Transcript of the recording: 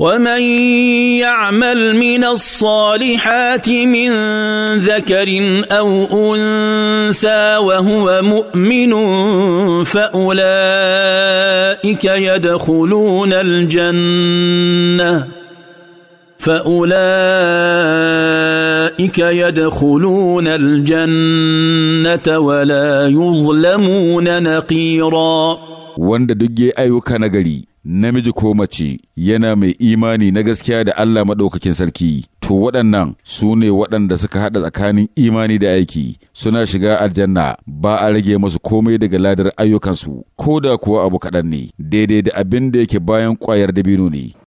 ومن يعمل من الصالحات من ذكر او انثى وهو مؤمن فاولئك يدخلون الجنه فاولئك يدخلون الجنه ولا يظلمون نقيرا وند دجي ايوكا نغري namiji ko mace yana mai imani na gaskiya da Allah maɗaukakin sarki to waɗannan su ne waɗanda suka haɗa tsakanin imani da aiki suna shiga aljanna ba a rage masu komai daga ladar ayyukansu ko da kuwa abu kaɗan ne daidai da abin da yake bayan ƙwayar dabino ne